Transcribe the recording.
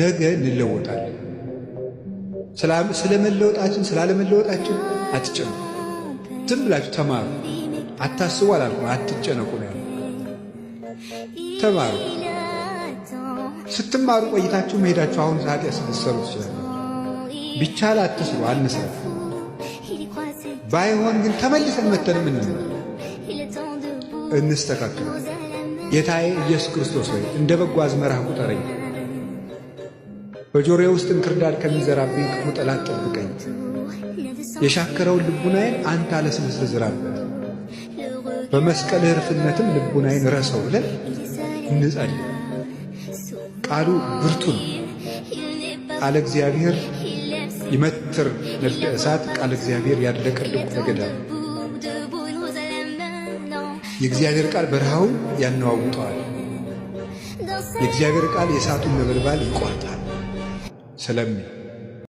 ነገ እንለወጣለን። ስለመለወጣችን ስላለመለወጣችን አትጨነቁ። ዝም ብላችሁ ተማሩ። አታስቡ አላልኩም፣ አትጨነቁ ነው ያልኩት። ተማሩ። ስትማሩ ቆይታችሁ መሄዳችሁ አሁን ኃጢአት ስትሰሩ ትችላለ። ቢቻል አትስሩ፣ አንስራ። ባይሆን ግን ተመልሰን መተንም እንነ እንስተካከል። ጌታዬ ኢየሱስ ክርስቶስ ሆይ እንደ በጎ አዝመራህ ቁጠረኝ። በጆሮዬ ውስጥ እንክርዳድ ከሚዘራብኝ ክፉ ጠላት ጠብቀኝ። የሻከረውን ልቡናዬን አንተ አለስልስል ዝራበት፣ በመስቀል ርፍነትም ልቡናዬን ረሰው ብለን እንጸልይ። ቃሉ ብርቱ ነው። ቃለ እግዚአብሔር ይመትር ነድ እሳት፣ ቃለ እግዚአብሔር ያለ ቅርድቁ የእግዚአብሔር ቃል በረሃውን ያነዋውጠዋል። የእግዚአብሔር ቃል የእሳቱን ነበልባል ይቋርጣል። سلامي